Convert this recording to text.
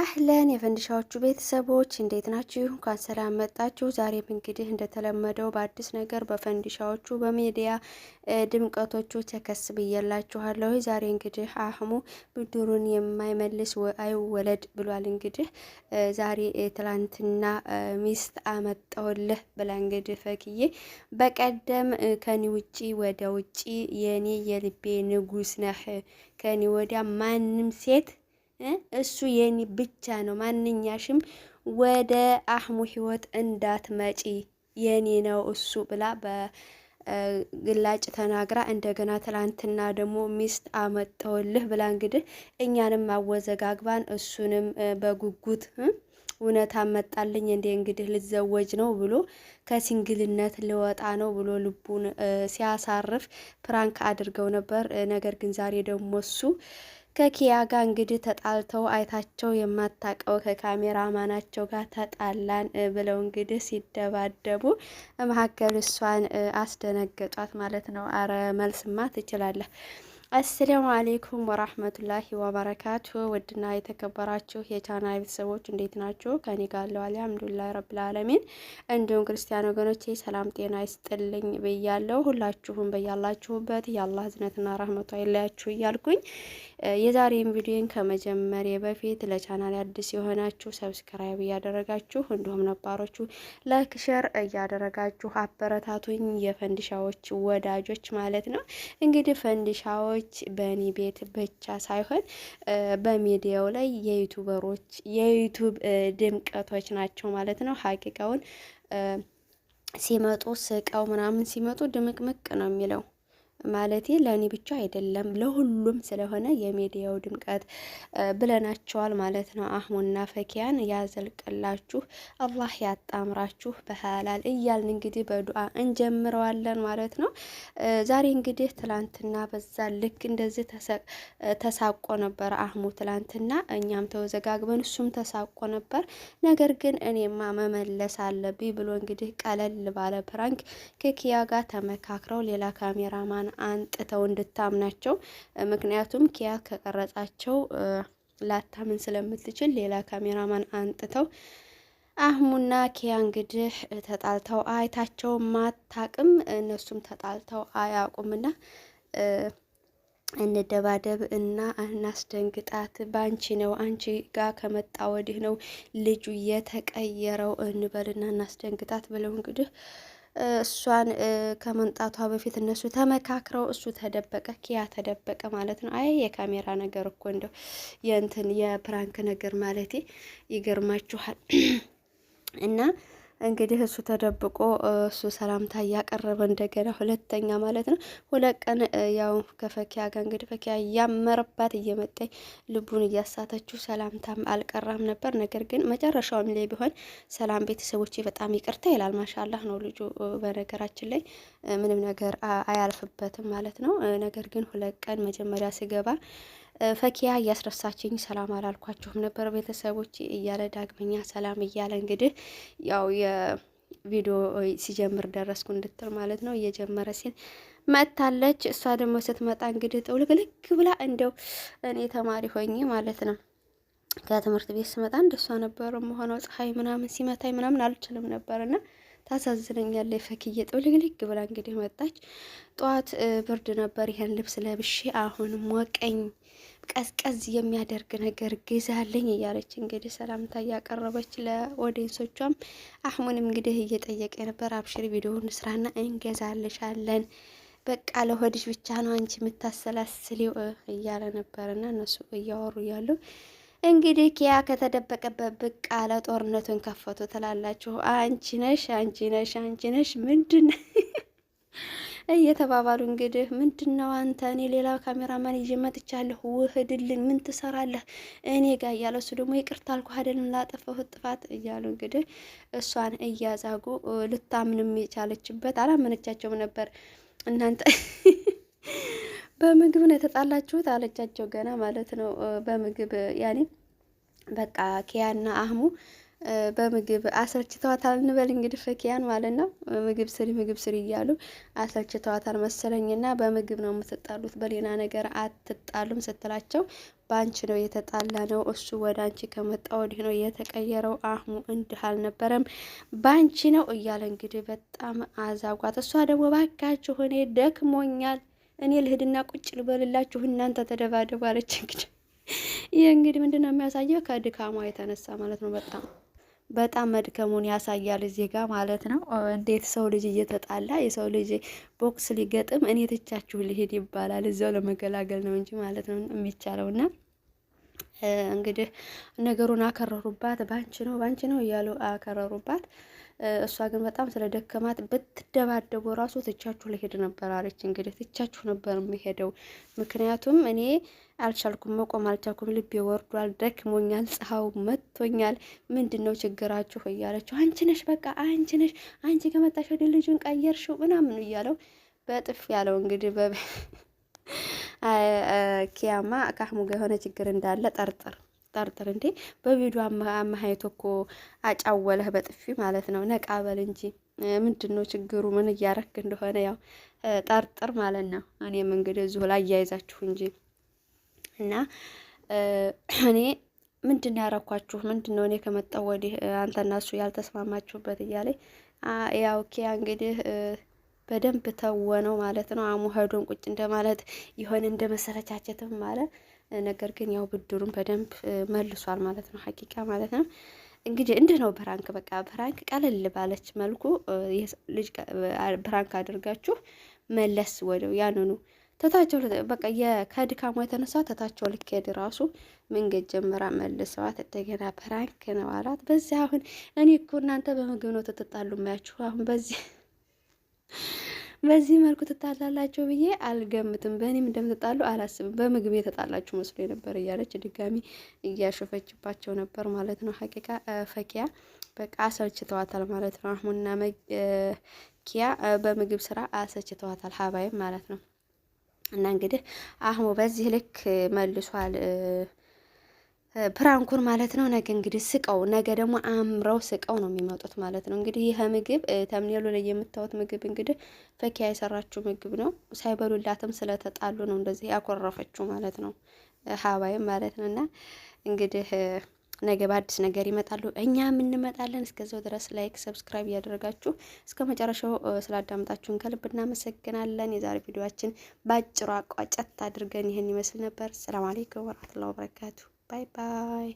አህለን የፈንዲሻዎቹ ቤተሰቦች እንዴት ናችሁ? እንኳን ሰላም መጣችሁ። ዛሬም እንግዲህ እንደተለመደው በአዲስ ነገር በፈንዲሻዎቹ በሚዲያ ድምቀቶቹ ተከስ ብዬላችኋለሁ። ዛሬ እንግዲህ አህሙ ብድሩን የማይመልስ አይወለድ ብሏል። እንግዲህ ዛሬ ትላንትና ሚስት አመጣሁልህ ብላ እንግዲህ ፈክዬ በቀደም ከኔ ውጪ ወደ ውጪ የኔ የልቤ ንጉስ ነህ ከኔ ወዲያ ማንም ሴት እሱ የኔ ብቻ ነው። ማንኛሽም ወደ አህሙ ህይወት እንዳትመጪ የኔ ነው እሱ ብላ ግላጭ ተናግራ እንደገና ትላንትና ደግሞ ሚስት አመጣውልህ ብላ እንግዲህ እኛንም አወዘጋግባን እሱንም በጉጉት እውነት አመጣልኝ እንዴ እንግዲህ ልዘወጅ ነው ብሎ ከሲንግልነት ልወጣ ነው ብሎ ልቡን ሲያሳርፍ ፕራንክ አድርገው ነበር። ነገር ግን ዛሬ ደግሞ እሱ ከኪያ ጋር እንግዲህ ተጣልተው አይታቸው የማታቀው ከካሜራ ማናቸው ጋር ተጣላን ብለው እንግዲህ ሲደባደቡ መካከል እሷን አስደነገጧት ማለት ነው። አረ መልስማ ትችላለህ። አሰላሙ አሌይኩም ወራህመቱላሂ ወበረካቱ። ውድና የተከበራችሁ የቻና ቤተሰቦች እንዴት ናችሁ? ከኔ ጋር አለው አልሐምዱሊላህ ረብል ዓለሚን። እንዲሁም ክርስቲያን ወገኖቼ ሰላም ጤና ይስጥልኝ ብያለሁ። ሁላችሁም በያላችሁበት የአላህ ህዝነትና ረህመቷ ይለያችሁ እያልኩኝ የዛሬን ቪዲዮን ከመጀመሪያ በፊት ለቻናል አዲስ የሆናችሁ ሰብስክራይብ እያደረጋችሁ እንዲሁም ነባሮቹ ላይክ፣ ሸር እያደረጋችሁ አበረታቱኝ የፈንዲሻዎች ወዳጆች ማለት ነው። እንግዲህ ፈንዲሻዎች ሰዎች በእኔ ቤት ብቻ ሳይሆን በሚዲያው ላይ የዩቱበሮች የዩቱብ ድምቀቶች ናቸው ማለት ነው። ሀቂቃውን ሲመጡ ስቀው ምናምን ሲመጡ ድምቅምቅ ነው የሚለው ማለቴ ለእኔ ብቻ አይደለም ለሁሉም ስለሆነ የሚዲያው ድምቀት ብለናቸዋል ማለት ነው። አህሙና ፈኪያን ያዘልቅላችሁ፣ አላህ ያጣምራችሁ በሀላል እያልን እንግዲህ በዱአ እንጀምረዋለን ማለት ነው። ዛሬ እንግዲህ ትላንትና በዛ ልክ እንደዚህ ተሳቆ ነበር አህሙ ትላንትና፣ እኛም ተወዘጋግበን እሱም ተሳቆ ነበር። ነገር ግን እኔማ መመለስ አለብኝ ብሎ እንግዲህ ቀለል ባለ ፕራንክ ከኪያ ጋር ተመካክረው ሌላ ካሜራማን አንጥተው እንድታምናቸው። ምክንያቱም ኪያ ከቀረጻቸው ላታምን ስለምትችል ሌላ ካሜራማን አንጥተው አህሙና ኪያ እንግዲህ ተጣልተው አይታቸው ማታቅም እነሱም ተጣልተው አያውቁምና እንደባደብ እና እናስደንግጣት በአንቺ ነው አንቺ ጋር ከመጣ ወዲህ ነው ልጁ የተቀየረው እንበልና እናስደንግጣት ብለው እንግዲህ እሷን ከመምጣቷ በፊት እነሱ ተመካክረው እሱ ተደበቀ፣ ኪያ ተደበቀ ማለት ነው። አይ የካሜራ ነገር እኮ እንደው የእንትን የፕራንክ ነገር ማለቴ ይገርማችኋል እና እንግዲህ እሱ ተደብቆ እሱ ሰላምታ እያቀረበ እንደገና ሁለተኛ ማለት ነው። ሁለት ቀን ያው ከፈኪያ ጋር እንግዲህ ፈኪያ እያመረባት እየመጣኝ ልቡን እያሳተችው ሰላምታም አልቀራም ነበር። ነገር ግን መጨረሻውም ላይ ቢሆን ሰላም ቤተሰቦች በጣም ይቅርታ ይላል። ማሻላህ ነው ልጁ። በነገራችን ላይ ምንም ነገር አያልፍበትም ማለት ነው። ነገር ግን ሁለት ቀን መጀመሪያ ሲገባ ፈኪያ እያስረሳችኝ ሰላም አላልኳችሁም ነበር ቤተሰቦች እያለ ዳግመኛ ሰላም እያለ እንግዲህ ያው የቪዲዮ ሲጀምር ደረስኩ እንድትል ማለት ነው። እየጀመረ ሲል መታለች። እሷ ደግሞ ስትመጣ እንግዲህ ጥውልግልግ ብላ እንደው እኔ ተማሪ ሆኜ ማለት ነው ከትምህርት ቤት ስመጣ እንደሷ ነበር መሆነው ፀሐይ ምናምን ሲመታኝ ምናምን አልችልም ነበርና ታሳዝነኛለ። ፈክዬ ጥብልግልግ ብላ እንግዲህ መጣች። ጠዋት ብርድ ነበር፣ ይሄን ልብስ ለብሼ አሁን ሞቀኝ፣ ቀዝቀዝ የሚያደርግ ነገር ግዛለኝ እያለች እንግዲህ ሰላምታ እያቀረበች ለኦዲየንሶቿም፣ አህሙንም እንግዲህ እየጠየቀ ነበር። አብሽር ቪዲዮውን ስራና እንገዛልሻለን በቃ ለሆድሽ ብቻ ነው አንቺ የምታሰላስሊው እያለ ነበርና እነሱ እያወሩ እያሉ እንግዲህ ኪያ ከተደበቀበት ብቅ አለ። ጦርነቱን ከፈቱ ትላላችሁ። አንቺ ነሽ አንቺ ነሽ አንቺ ነሽ ምንድን እየተባባሉ እንግዲህ ምንድን ነው አንተ፣ እኔ ሌላ ካሜራማን ይዤ መጥቻለሁ፣ ውህድልኝ፣ ምን ትሰራለህ እኔ ጋር እያለ እሱ ደግሞ ይቅርታ አልኩህ አይደለም ላጠፋሁት ጥፋት እያሉ እንግዲህ እሷን እያዛጉ ልታምንም የቻለችበት አላመነቻቸውም ነበር እናንተ በምግብ ነው የተጣላችሁት አለቻቸው። ገና ማለት ነው በምግብ ያኔ በቃ ኪያና አህሙ በምግብ አሰልችተዋታል እንበል እንግዲህ ፈኪያን ማለት ነው። ምግብ ስሪ ምግብ ስሪ እያሉ አሰልችተዋታል መሰለኝና በምግብ ነው የምትጣሉት፣ በሌላ ነገር አትጣሉም ስትላቸው በአንቺ ነው የተጣላ ነው እሱ ወደ አንቺ ከመጣ ወዲህ ነው የተቀየረው። አህሙ እንዲህ አልነበረም በአንቺ ነው እያለ እንግዲህ በጣም አዛጓት። እሷ ደግሞ ባካችሁ ሆኔ ደክሞኛል እኔ ልሂድና ቁጭ ልበልላችሁ እናንተ ተደባደቡ አለች። እንግዲህ ይህ እንግዲህ ምንድን ነው የሚያሳየው ከድካሟ የተነሳ ማለት ነው። በጣም በጣም መድከሙን ያሳያል እዚህ ጋር ማለት ነው። እንዴት ሰው ልጅ እየተጣላ የሰው ልጅ ቦክስ ሊገጥም እኔ ትቻችሁ ልሂድ ይባላል። እዚያው ለመገላገል ነው እንጂ ማለት ነው የሚቻለውና እንግዲህ ነገሩን አከረሩባት። ባንቺ ነው ባንቺ ነው እያሉ አከረሩባት። እሷ ግን በጣም ስለደከማት ብትደባደቡ ራሱ ትቻችሁ ለሄድ ነበር አለች። እንግዲህ ትቻችሁ ነበር የሚሄደው ምክንያቱም እኔ አልቻልኩም፣ መቆም አልቻልኩም፣ ልቤ ወርዷል፣ ደክሞኛል፣ ፀሐው መጥቶኛል። ምንድን ነው ችግራችሁ እያለችው አንቺ ነሽ በቃ አንቺ ነሽ አንቺ ከመጣሽ ወደ ልጁን ቀየርሽው ምናምን እያለው በጥፍ ያለው እንግዲህ በ ኪያማ ከአህሙ ጋር የሆነ ችግር እንዳለ ጠርጥር አትጠርጥር እንዴ! በቪዲዮ አመሀየት እኮ አጫወለህ በጥፊ ማለት ነው። ነቃበል እንጂ ምንድን ነው ችግሩ? ምን እያረክ እንደሆነ ያው ጠርጥር ማለት ነው። እኔም እንግዲህ እዚሁ ላይ እያይዛችሁ እንጂ እና እኔ ምንድን ያረኳችሁ? ምንድን ነው እኔ ከመጣሁ ወዲህ አንተና እሱ ያልተስማማችሁበት እያለ ያው ኪያ እንግዲህ በደንብ ተወነው ማለት ነው። አሙ ሄዶን ቁጭ እንደማለት ይሆን እንደ መሰለቻቸትም ማለት ነገር ግን ያው ብድሩን በደንብ መልሷል ማለት ነው። ሀቂቃ ማለት ነው እንግዲህ እንደ ነው ፕራንክ በቃ ፕራንክ ቀለል ባለች መልኩ ልጅ ፕራንክ አድርጋችሁ መለስ ወደው ያንኑ ተታቸው በቃ የከድካሙ የተነሳ ተታቸው ልኬድ ራሱ መንገድ ጀምራ መልሰዋት እንደገና ፕራንክ ነው አላት። በዚህ አሁን እኔ እኮ እናንተ በምግብ ነው ትትጣሉ ማያችሁ አሁን በዚህ በዚህ መልኩ ትጣላላቸው ብዬ አልገምትም። በእኔም እንደምትጣሉ አላስብም። በምግብ የተጣላችሁ መስሎ የነበር እያለች ድጋሚ እያሾፈችባቸው ነበር ማለት ነው። ሀቂቃ ፈኪያ በቃ አሰልችተዋታል ማለት ነው። አህሙና መኪያ በምግብ ስራ አሰልችተዋታል ሀባይም ማለት ነው። እና እንግዲህ አህሙ በዚህ ልክ መልሷል። ፕራንኩን ማለት ነው። ነገ እንግዲህ ስቀው ነገ ደግሞ አምረው ስቀው ነው የሚመጡት ማለት ነው። እንግዲህ ይህ ምግብ ተምኔሉ ላይ የምታዩት ምግብ እንግዲህ ፈኪያ የሰራችው ምግብ ነው። ሳይበሉላትም ስለተጣሉ ነው እንደዚህ ያኮረፈችው ማለት ነው። ሀባይም ማለት ነው። እና እንግዲህ ነገ በአዲስ ነገር ይመጣሉ፣ እኛም እንመጣለን። እስከዛው ድረስ ላይክ፣ ሰብስክራይብ እያደረጋችሁ እስከ መጨረሻው ስላዳመጣችሁን ከልብ እናመሰግናለን። የዛሬ ቪዲዮችን በአጭሩ አቋጨት አድርገን ይህን ይመስል ነበር። ሰላም አሌይኩም ወረህመቱላሂ ወበረካቱሁ። ባይ ባይ